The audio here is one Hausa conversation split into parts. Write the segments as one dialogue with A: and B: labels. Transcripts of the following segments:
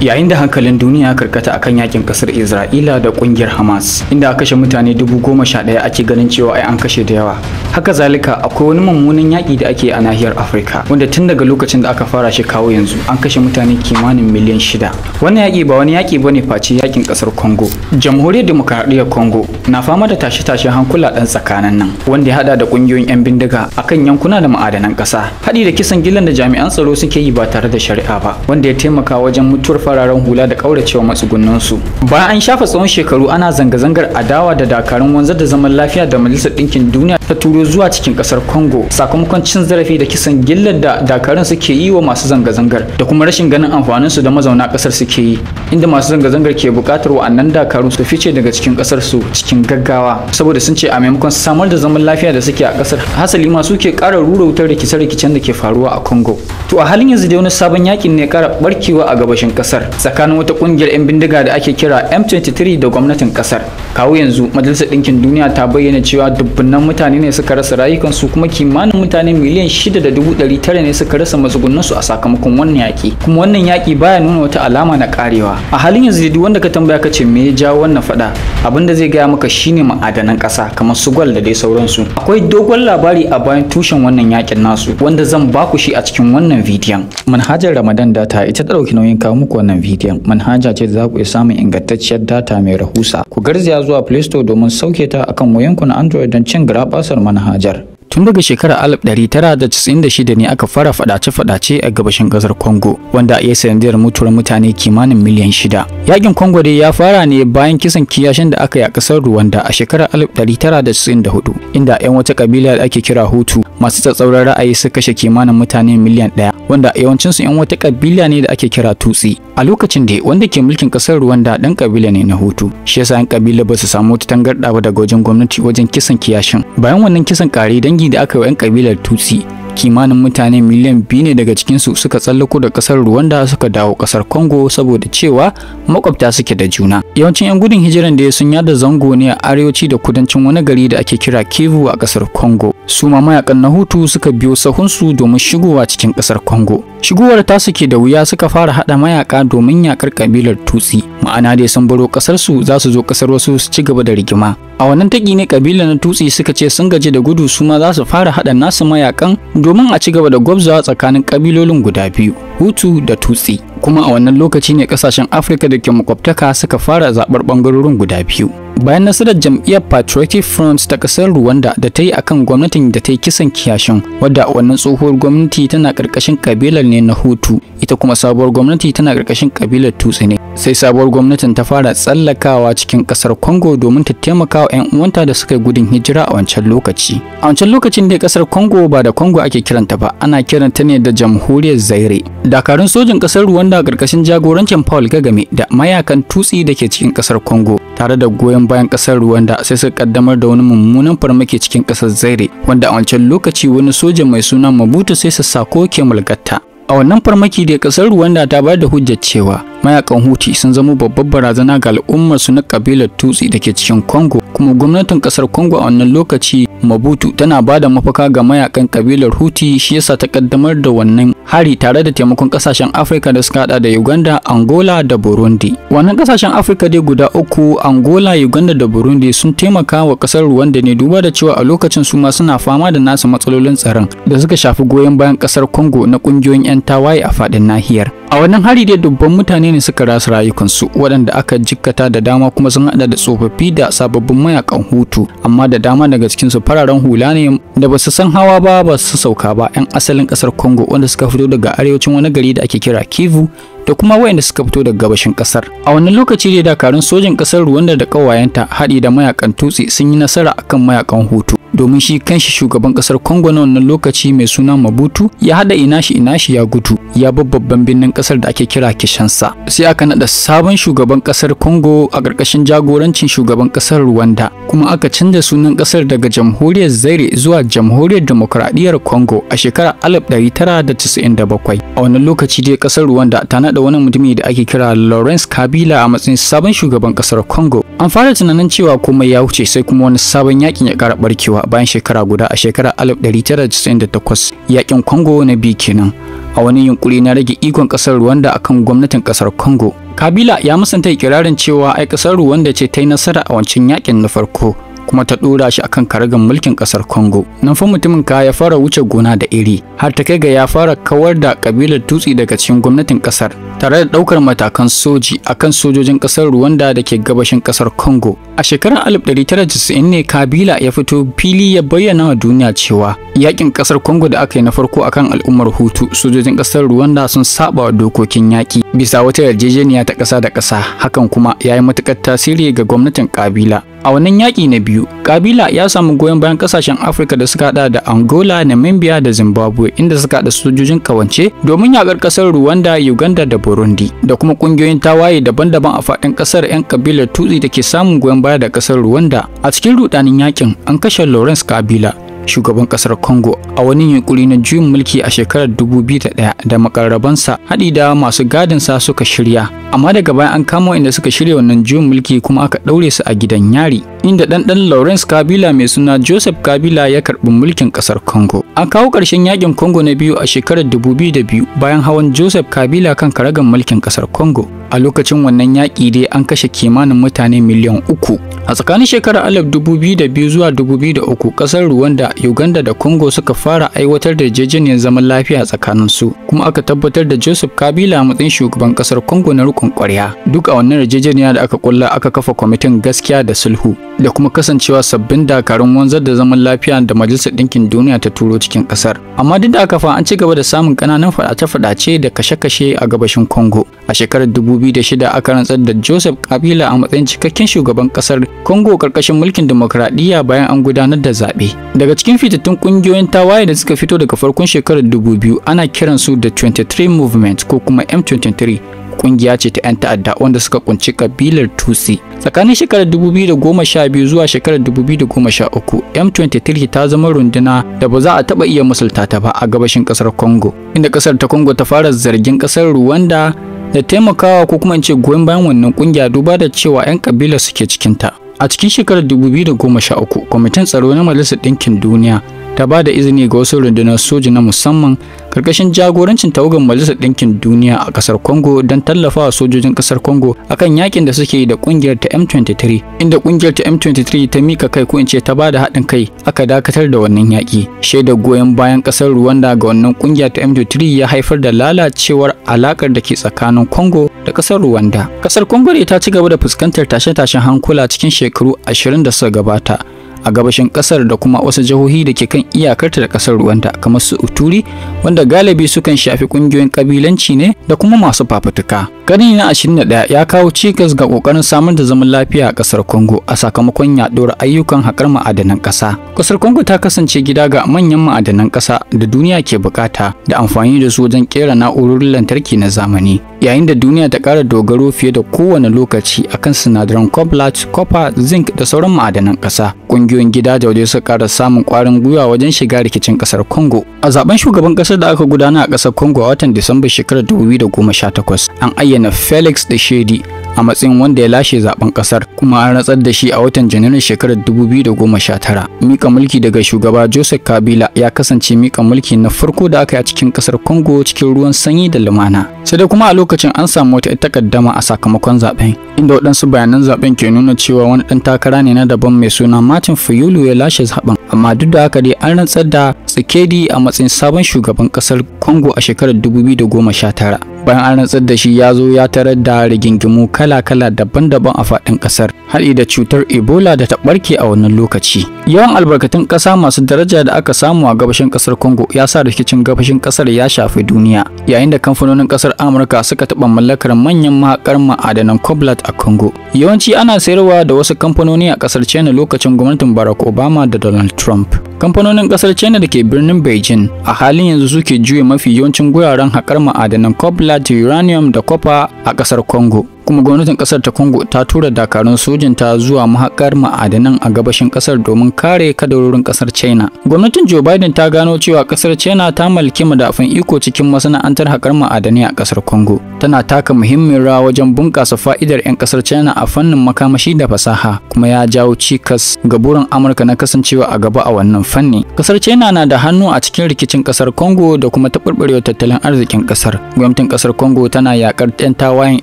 A: yayin da hankalin duniya karkata akan yakin kasar Isra'ila da kungiyar Hamas inda a kashe mutane dubu goma sha ake ganin cewa ai an kashe da yawa haka zalika akwai wani mummunan yaki da ake a nahiyar Afirka wanda tun daga lokacin da aka fara shi kawo yanzu an kashe mutane kimanin miliyan shida wannan yaki ba wani yaƙi bane face yakin kasar Congo jamhuriyar demokradiyyar Congo na fama da tashe-tashen hankula ɗan tsakanin nan wanda ya haɗa da ƙungiyoyin 'yan bindiga akan yankuna da ma'adanan ƙasa haɗi da kisan gilan da jami'an tsaro suke yi ba tare da shari'a ba wanda ya taimaka wajen mutuwar fararen hula da kauracewa su bayan an shafa tsawon shekaru ana zanga-zangar adawa da dakarun wanzar da zaman lafiya da majalisar ɗinkin duniya ta turo zuwa cikin kasar Congo sakamakon cin zarafi da kisan gillar da dakarun suke yi wa masu zanga-zangar da kuma rashin ganin amfanin su da mazauna kasar suke yi inda masu zanga-zangar ke buƙatar wa'annan dakaru su fice daga cikin kasar su cikin gaggawa saboda sun ce a maimakon samar da zaman lafiya da suke a kasar hasali ma ke kara rura wutar rikice-rikicen da ke faruwa a Congo to a halin yanzu da wani sabon yakin ne kara barkewa a gabashin kasar tsakanin wata kungiyar 'yan bindiga da ake kira M23 da gwamnatin kasar kawo yanzu majalisar ɗinkin duniya ta bayyana cewa dubbunan mutane ne suka rasa rayukansu kuma kimanin mutane miliyan tara ne suka rasa su a sakamakon wannan yaki kuma wannan yaki baya nuna wata alama na karewa a halin yanzu duk wanda ka tambaya ka ce me ya jawo wannan fada abin da zai gaya maka shine ma'adanan kasa kamar su gwal da dai sauransu akwai dogon labari a bayan tushen wannan yakin nasu wanda zan baku shi a cikin wannan bidiyon manhajar ramadan data ita ta dauki nauyin kawo muku wannan bidiyon manhaja ce za ku iya samun ingantacciyar data mai rahusa ku garzaya zuwa play store domin sauke ta akan wayanku na android don cin graɓasa Salman हाजर Tun daga shekarar 1996 ne aka fara fadace-fadace a gabashin kasar Congo, wanda ya sanadiyar mutuwar mutane kimanin miliyan shida. Yakin Congo dai ya fara ne bayan kisan kiyashin da aka yi a kasar Rwanda a shekarar 1994, inda 'yan wata kabila da ake kira Hutu masu tsatsauran ra'ayi suka kashe kimanin mutane miliyan ɗaya, wanda yawancinsu 'yan wata kabila ne da ake kira Tutsi. A lokacin da wanda ke mulkin kasar Rwanda ɗan kabila ne na Hutu, shi yasa 'yan kabila ba su samu wata tangarɗa ba daga wajen gwamnati wajen kisan kiyashin. Bayan wannan kisan kare dangi dangi da aka yi wa 'yan kabilar tutsi kimanin mutane miliyan biyu ne daga cikinsu suka tsallako da kasar Rwanda suka dawo kasar Congo saboda cewa makwabta suke da juna. Yawancin 'yan gudun hijiran da sun yada zango ne a arewaci da kudancin wani gari da ake kira Kivu a kasar Congo. Su ma mayakan na Hutu suka biyo sahunsu domin shigowa cikin kasar Congo. Shigowar ta suke da wuya suka fara hada mayaka domin yakar kabilar Tutsi. Ma'ana dai sun baro kasar su za su zo kasar wasu su ci gaba da rigima. A wannan taki ne kabilar na Tutsi suka ce sun gaji da gudu su ma za su fara hada nasu mayakan domin a ci gaba da gwabza tsakanin kabilolin guda biyu hutu da tutsi kuma a wannan lokaci ne kasashen afirka da ke makwabtaka suka fara zaɓar ɓangarorin guda biyu bayan nasarar jam'iyyar patriotic front ta ƙasar rwanda da ta yi akan gwamnatin da ta yi kisan kiyashin wadda wannan tsohuwar gwamnati tana ƙarƙashin kabilar ne na hutu ita kuma sabuwar gwamnati tana ƙarƙashin kabilar tutsi ne sai sabuwar gwamnatin ta fara tsallakawa cikin kasar Congo domin ta taimaka wa 'yan uwanta da suka gudun hijira a wancan lokaci. A wancan lokacin dai kasar Congo ba da Congo ake kiranta ba, ana kiranta ne da Jamhuriyar Zaire. Dakarun sojin kasar Rwanda a ƙarƙashin jagorancin Paul Kagame da mayakan tutsi da ke cikin kasar Congo tare da goyon bayan kasar Rwanda sai suka kaddamar da wani mummunan farmaki cikin kasar Zaire wanda a wancan lokaci wani soja mai suna Mabutu sai sa Sako ke mulkatta. A wannan farmaki da kasar Rwanda ta bayar da hujjar cewa mayakan Huti sun zama babbar barazana ga al'ummar su na kabilar Tutsi da ke cikin Congo kuma gwamnatin kasar Congo a wannan lokaci Mabutu tana ba da mafaka ga mayakan kabilar Huti shi yasa ta kaddamar da wannan hari tare da taimakon kasashen Afirka da suka da Uganda, Angola da Burundi. Wannan kasashen Afirka dai guda uku, Angola, Uganda da Burundi sun taimaka wa kasar Rwanda ne duba da cewa a lokacin su ma suna fama da nasu matsalolin tsaron da suka shafi goyon bayan kasar Congo na kungiyoyin 'yan tawaye a fadin nahiyar. A wannan hari dai dubban mutane ne suka rasa rayukansu waɗanda aka jikkata da dama kuma sun hada da tsofaffi da sababbin mayakan Hutu amma da dama daga cikinsu fararen hula ne da ba su san hawa ba ba su sauka ba 'yan asalin kasar Congo wanda suka fito daga arewacin wani gari da ake kira Kivu da kuma wayanda suka fito daga gabashin kasar. A wannan lokaci ne dakarun sojin kasar Rwanda da ƙawayenta haɗi da mayakan tutsi sun yi nasara akan mayakan Hutu. domin shi kanshi shugaban kasar Congo na wannan lokaci mai suna Mabutu ya hada inashi inashi ya gudu ya babban birnin kasar da ake kira Kishansa sai aka nada sabon shugaban kasar Congo a ƙarƙashin jagorancin shugaban kasar Rwanda kuma aka canza sunan kasar daga Jamhuriyar Zaire zuwa Jamhuriyar Demokradiyyar Congo a shekarar 1997 a wannan lokaci dai kasar Rwanda ta nada wani mutumi da ake kira Lawrence Kabila a matsayin sabon shugaban kasar Congo an fara tunanin cewa komai ya wuce sai kuma wani sabon yakin ya ƙara barkewa A bayan shekara guda a shekarar 1998 yakin Congo na biyu kenan a wani yunkuri na rage ikon kasar Rwanda akan gwamnatin kasar Congo. Kabila ya musanta ikirarin cewa ai kasar Rwanda ce ta yi nasara a wancan yakin na farko kuma ta dora shi akan karagan mulkin kasar Congo. Nan fa mutumin ka ya fara wuce gona da iri har ta kai ga ya fara kawar da kabilar tutsi daga cikin gwamnatin kasar tare da daukar matakan soji akan sojojin kasar Rwanda da ke gabashin kasar Congo. A shekarar 1990 ne Kabila ya fito fili ya bayyana wa duniya cewa yakin kasar Congo da aka yi na farko akan al'ummar Hutu sojojin kasar Rwanda sun saba wa dokokin yaki bisa wata yarjejeniya ta ƙasa da ƙasa hakan kuma ya yi matuƙar tasiri ga gwamnatin kabila a wannan yaki na biyu kabila ya samu goyon bayan ƙasashen afirka da suka hada da angola namibia da zimbabwe inda suka haɗa sojojin kawance domin yaƙar ƙasar rwanda uganda da burundi da kuma ƙungiyoyin tawaye daban-daban a faɗin ƙasar 'yan kabilar tutsi da ke samun goyon baya da ƙasar rwanda a cikin rudanin yaƙin an kashe lawrence kabila shugaban kasar Congo a wani yunkuri na juyin mulki a shekarar 2001 da makarrabansa haɗi da masu gadinsa suka shirya. Amma daga baya an kama inda suka shirya wannan juyin mulki kuma aka ɗaure su a gidan yari, inda ɗanɗan Lawrence Kabila mai suna Joseph Kabila ya karɓi mulkin kasar Congo. An kawo ƙarshen yakin Congo na biyu a shekarar 2002 bayan hawan Joseph Kabila kan karagan mulkin kasar Congo. a lokacin wannan yaƙi dai an kashe kimanin mutane miliyan uku a tsakanin shekarar alif dubu biyu da biyu zuwa dubu biyu da uku ƙasar rwanda uganda da congo suka fara aiwatar da yarjejeniyar zaman lafiya tsakanin su kuma aka tabbatar da joseph kabila a matsayin shugaban ƙasar congo na rukun ƙwarya duk a wannan yarjejeniya da aka kulla aka kafa kwamitin gaskiya da sulhu da kuma kasancewa sabbin dakarun wanzar da zaman lafiya da majalisar ɗinkin duniya ta turo cikin ƙasar amma duk da aka fa an ci gaba da samun ƙananan faɗace-faɗace da kashe-kashe a gabashin congo a shekarar dubu 2006 aka rantsar da Joseph Kabila a matsayin cikakken shugaban kasar Congo karkashin mulkin demokradiyya bayan an gudanar da zaɓe. Daga cikin fitattun kungiyoyin tawaye da suka fito daga farkon shekarar 2000 ana kiran su da 23 Movement ko kuma M23 ƙungiya ce ta 'yan ta'adda wanda suka kunci kabilar tutsi tsakanin shekarar 2012 zuwa shekarar 2013 m23 ta zama runduna da ba za a taba iya musulta ta ba a gabashin kasar congo inda kasar ta congo ta fara zargin ƙasar rwanda da taimakawa ko kuma ce goyon bayan wannan kungiya duba da cewa 'yan kabila suke cikinta. A cikin shekarar 2013, Kwamitin Tsaro na Majalisar Ɗinkin Duniya ta ba da izini ga wasu rundunar soji na musamman karkashin jagorancin tawagar majalisar ɗinkin duniya a ƙasar congo don tallafa wa sojojin ƙasar congo akan yaƙin da suke yi da ƙungiyar ta m23 inda ƙungiyar ta m23 ta mika kai ko in ce ta ba da haɗin kai aka dakatar da wannan yaƙi shaidar goyon bayan ƙasar rwanda ga wannan ƙungiya ta m23 ya haifar da lalacewar alaƙar da ke tsakanin congo da ƙasar rwanda ƙasar congo ta ci gaba da fuskantar tashe-tashen hankula cikin shekaru ashirin da suka gabata a gabashin kasar da kuma wasu jihohi da ke kan iyakarta da kasar ruwanta kamar su uturi wanda galibi sukan shafi kungiyoyin kabilanci ne da kuma masu fafutuka karni na 21 ya kawo cikas ga kokarin samar da zaman lafiya a kasar congo a sakamakon yaduwar ayyukan haƙar ma'adanan ƙasa kasar congo ta kasance gida ga manyan ma'adanan ƙasa da duniya ke bukata da amfani da su wajen kera na'urorin lantarki na zamani yayin da duniya ta ƙara dogaro fiye da kowane lokaci akan sinadaran cobalt copper zinc da sauran ma'adanan ƙasa ƙungiyoyin gida da waje suka ƙara samun ƙwarin gwiwa wajen shiga rikicin ƙasar Congo. A zaben shugaban ƙasar da aka gudana a ƙasar Congo a watan Disamba shekarar 2018, an ayyana Felix da shedi a matsayin wanda ya lashe zaben ƙasar kuma an ratsar da shi a watan Janairun shekarar 2019. Mika mulki daga shugaba Joseph Kabila ya kasance mika mulki na farko da aka yi a cikin ƙasar Congo cikin ruwan sanyi da lumana. Sai da kuma a lokacin an samu wata takaddama a sakamakon zaben, inda waɗansu bayanan zaben ke nuna cewa wani ɗan takara ne na daban mai suna Martin Fayulu ya lashe zaben amma duk da haka dai an rantsar da Tsikedi a matsayin sabon shugaban kasar Congo a shekarar 2019 bayan an rantsar da shi ya zo ya tarar da rigingimu kala-kala daban-daban a faɗin ƙasar haɗi da cutar ebola da ta ɓarke a wannan lokaci yawan albarkatun ƙasa masu daraja da aka samu a gabashin ƙasar congo ya sa rikicin gabashin ƙasar ya shafi duniya yayin da kamfanonin ƙasar amurka suka taɓa mallakar manyan mahakar ma'adanan cobalt a congo yawanci ana sayarwa da wasu kamfanoni a ƙasar china lokacin gwamnatin barack obama da donald trump kamfanonin ƙasar china da ke birnin beijing a halin yanzu suke juya mafi yawancin guraren haƙar ma'adanan cobalt da uranium da copper a ƙasar Congo. kuma gwamnatin kasar ta Congo ta tura dakarun sojin ta zuwa mahakar ma'adanan a gabashin kasar domin kare kadarorin kasar China. Gwamnatin Joe Biden ta gano cewa kasar China ta mallaki madafin iko cikin masana'antar haƙar ma'adanai a kasar Congo. Tana taka muhimmin rawa wajen bunƙasa fa'idar 'yan kasar China a fannin makamashi da fasaha kuma ya jawo cikas ga burin Amurka na kasancewa a gaba a wannan fanni. Kasar China na da hannu a cikin rikicin kasar Congo da kuma taɓarɓarewar tattalin arzikin kasar. Gwamnatin kasar Congo tana yakar 'yan tawayen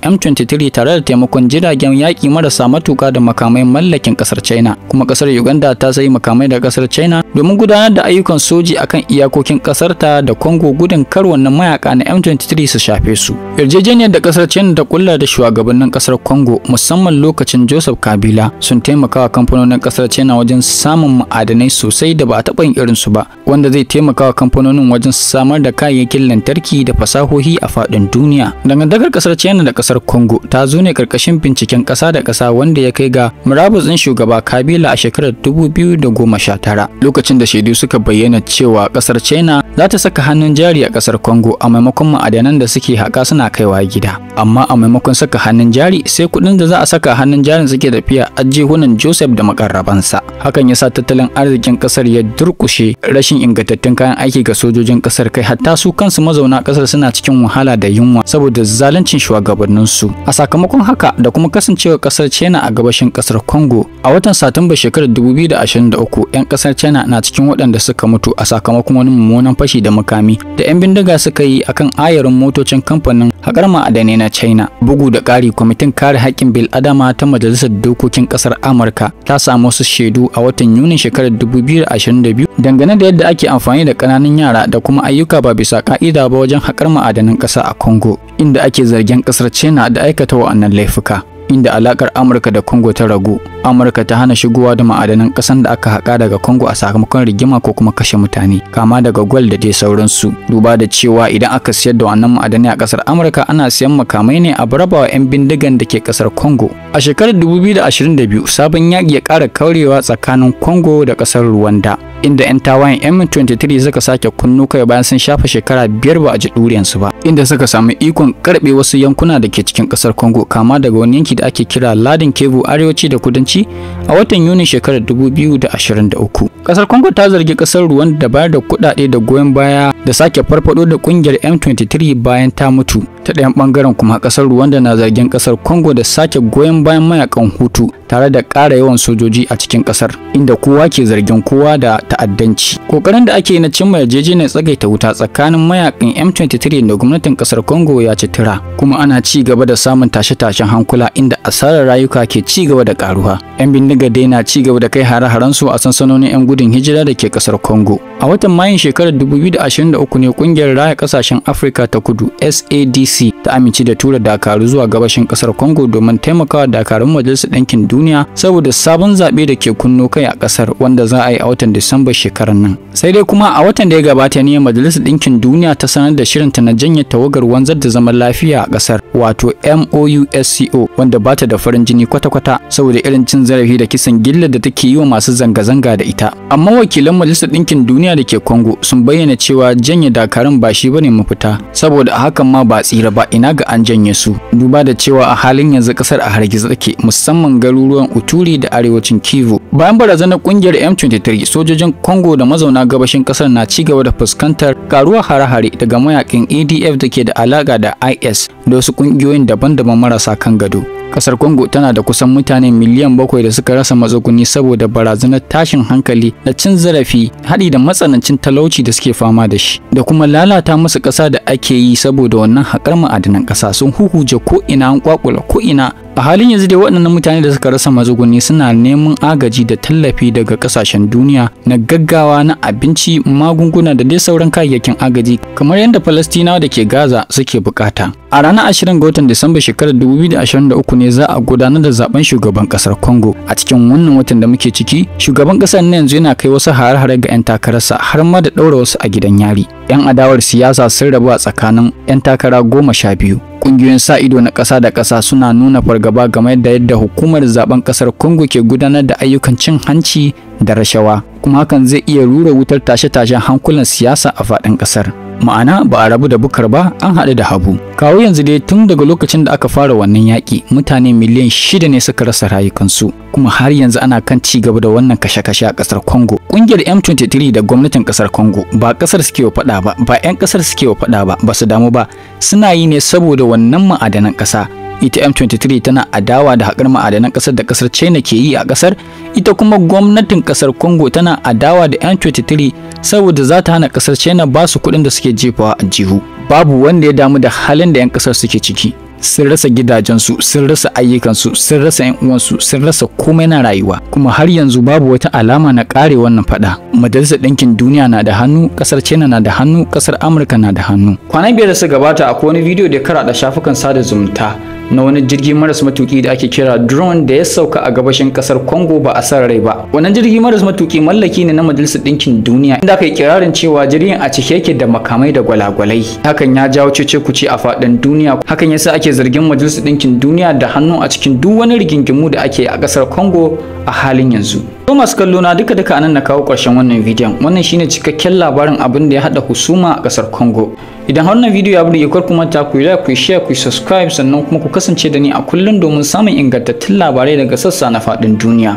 A: M23 tare da taimakon jiragen yaƙi marasa matuƙa da makamai mallakin ƙasar China. Kuma ƙasar Uganda ta sayi makamai daga ƙasar China domin gudanar da ayyukan soji akan iyakokin ƙasar ta da Congo gudun kar wannan mayaka na M23 su shafe su. Yarjejeniyar da ƙasar China ta kulla da shugabannin ƙasar Congo musamman lokacin Joseph Kabila sun taimaka wa kamfanonin ƙasar China wajen samun ma'adanai sosai da ba a taɓa yin su ba, wanda zai taimaka wa kamfanonin wajen samar da kayayyakin lantarki da fasahohi a faɗin duniya. Dangantakar ƙasar China da ƙasar Congo ta ƙwararru ne ƙarƙashin binciken ƙasa da ƙasa wanda ya kai ga murabus ɗin shugaba Kabila a shekarar 2019 lokacin da shaidu suka bayyana cewa ƙasar China za ta saka hannun jari a ƙasar Congo a maimakon ma'adanan da suke haƙa suna kaiwa gida amma a maimakon saka hannun jari sai kuɗin da za a saka hannun jarin suke tafiya ajihunan Joseph da makarrabansa hakan ya sa tattalin arzikin ƙasar ya durƙushe rashin ingantattun kayan aiki ga sojojin ƙasar kai hatta su kansu mazauna ƙasar suna cikin wahala da yunwa saboda zaluncin shugabanninsu a sakamakon haka da kuma kasancewa kasar china a gabashin kasar congo a watan satumba shekarar 2023 'yan kasar china na cikin waɗanda suka mutu a sakamakon wani mummunan fashi da makami da 'yan bindiga suka yi akan ayarin motocin kamfanin haƙar ma'adanai na china bugu da ƙari kwamitin kare haƙƙin Adama ta majalisar dokokin kasar amurka ta samu wasu shaidu a watan Yuni shekarar 2022 dangane da yadda ake amfani da ƙananan yara da kuma ayyuka ba bisa ka'ida ba wajen haƙar ma'adanan ƙasa a congo inda ake zargin ƙasar china da aikata wa'annan laifuka inda alakar Amurka da Congo ta ragu. Amurka ta hana shigowa da ma'adanan ƙasan da aka haƙa daga Congo a sakamakon rigima ko kuma kashe mutane, kama daga gwal da dai sauransu. Duba da cewa idan aka siyar da wannan ma'adanai a kasar Amurka ana siyan makamai ne a barabawa 'yan bindigan da ke kasar Congo. A shekarar 2022 sabon yaki ya ƙara kaurewa tsakanin Congo da ƙasar Rwanda. inda 'yan tawayen M23 suka sake kunnu kai bayan sun shafa shekara biyar ba a ji su ba inda suka samu ikon karɓe wasu yankuna da ke cikin ƙasar Congo kama daga wani yanki da ake kira Ladin Kebu arewaci da kudanci a watan Yuni shekarar 2023. Ƙasar Congo ta zargi kasar Rwanda da bayar da kuɗaɗe da goyon baya da sake farfado da kungiyar M23 bayan ta mutu. ta ɗayan ɓangaren kuma ƙasar Rwanda na zargin ƙasar Congo da sake goyon bayan mayakan Hutu tare da ƙara yawan sojoji a cikin ƙasar inda kowa ke zargin kowa da ta'addanci. Kokarin da ake na cimma yarjejeniyar tsagaita wuta tsakanin mayakan M23 da gwamnatin ƙasar Congo ya ci tura kuma ana ci gaba da samun tashe-tashen hankula inda asarar rayuka ke ci gaba da ƙaruwa. 'Yan bindiga dai na ci gaba da kai hare su a sansanonin 'yan gudun hijira da ke ƙasar Congo. A watan Mayun shekarar 2023 ne ƙungiyar raya ƙasashen Afirka ta Kudu SADC DRC ta amince da tura dakaru zuwa gabashin kasar Congo domin taimakawa dakarun Majalisar Ɗinkin Duniya saboda sabon zaɓe da ke kunno kai a ƙasar wanda za a yi a watan Disamba shekarar nan. Sai dai kuma a watan da ya gabata ne Majalisar Ɗinkin Duniya ta sanar da shirinta na janye tawagar wanzar da zaman lafiya a ƙasar. wato MOUSCO wanda bata da farin jini kwata-kwata saboda irin cin zarafi da kisan gillar da take yi wa masu zanga-zanga da ita. Amma wakilan Majalisar Ɗinkin Duniya da ke Congo sun bayyana cewa janye dakarun ba shi bane mafita saboda a hakan ma ba tsira ba ina ga an janye su. Duba da cewa a halin yanzu kasar a hargiza take musamman garuruwan Uturi da arewacin Kivu Bayan barazanar kungiyar M23, sojojin Congo da mazauna gabashin kasar na ci gaba da fuskantar karuwar hare-hare daga mayakin ADF e da ke da alaƙa da IS da wasu kungiyoyin daban-daban marasa kan gado. Kasar Congo tana da kusan mutane miliyan bakwai da suka rasa matsuguni saboda barazanar tashin hankali na cin zarafi haɗi da matsanancin talauci da suke fama da shi da kuma lalata musu ƙasa da ake yi saboda wannan haƙar ma'adanan ƙasa sun huhuje ko ina an kwakula ko ina a halin yanzu dai waɗannan mutane da suka rasa matsuguni suna neman agaji da tallafi daga ƙasashen duniya na gaggawa na abinci magunguna da dai sauran kayayyakin agaji kamar yadda Falastinawa da ke Gaza suke bukata a ranar 20 ga watan Disamba shekarar 2023 ne za a gudanar da zaben shugaban kasar Congo a cikin wannan watan da muke ciki shugaban kasar na yanzu yana kai wasu hare-hare ga 'yan takararsa har ma da ɗaura wasu a gidan yari 'yan adawar siyasa sun rabu a tsakanin 'yan takara goma sha biyu kungiyoyin sa ido na ƙasa da kasa suna nuna fargaba game da yadda hukumar zaben kasar Congo ke gudanar da ayyukan cin hanci da rashawa kuma hakan zai iya rura wutar tashe-tashen hankulan siyasa a faɗin ƙasar. ma'ana ba a rabu da bukar ba an haɗu da habu kawo yanzu dai tun daga lokacin da aka fara wannan yaƙi mutane miliyan shida ne suka rasa rayukansu kuma har yanzu ana kan ci gaba da wannan kashe-kashe a ƙasar congo ƙungiyar m23 da gwamnatin ƙasar congo ba ƙasar suke wa faɗa ba ba 'yan ƙasar suke wa faɗa ba ba su damu ba suna yi ne saboda wannan ma'adanan ƙasa ita e M23 tana adawa da haƙar ma'adanan ƙasar da ƙasar China ke yi a ƙasar ita kuma gwamnatin ƙasar Congo tana adawa da M23 saboda za ta hana ƙasar China ba su kuɗin da suke jefawa a jihu babu wanda ya damu da halin da 'yan ƙasar suke ciki sun rasa gidajensu sun rasa ayyukansu sun rasa 'yan uwansu sun rasa komai na rayuwa kuma har yanzu babu wata alama na kare wannan faɗa. majalisar ɗinkin duniya na da hannu ƙasar china na da hannu ƙasar amurka na da hannu kwana biyar da su gabata akwai wani bidiyo da kara da shafukan sada zumunta na wani jirgi maras matuki da ake kira drone da ya sauka a gabashin kasar Congo ba a san rai ba. Wannan jirgi maras matuki mallaki ne na Majalisar Dinkin Duniya inda aka yi kirarin cewa jirgin a cike yake da makamai da gwalagwalai. Hakan ya jawo cece-kuce a faɗin duniya. Hakan yasa ake zargin Majalisar Dinkin Duniya da hannu a cikin duk wani rigingimu da ake a kasar Congo a halin yanzu. To kallo na duka duka anan na kawo ƙarshen wannan bidiyon. Wannan shine cikakken labarin abin da ya haɗa husuma a kasar Congo. idan har wannan video ya bude kar kuma ta ku like ku share ku subscribe sannan kuma ku kasance da ni a kullun domin samun ingantattun labarai daga sassa na fadin duniya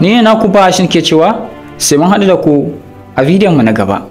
A: ni ne naku ba shin ke cewa sai mun haɗu da ku a bidiyon mu na gaba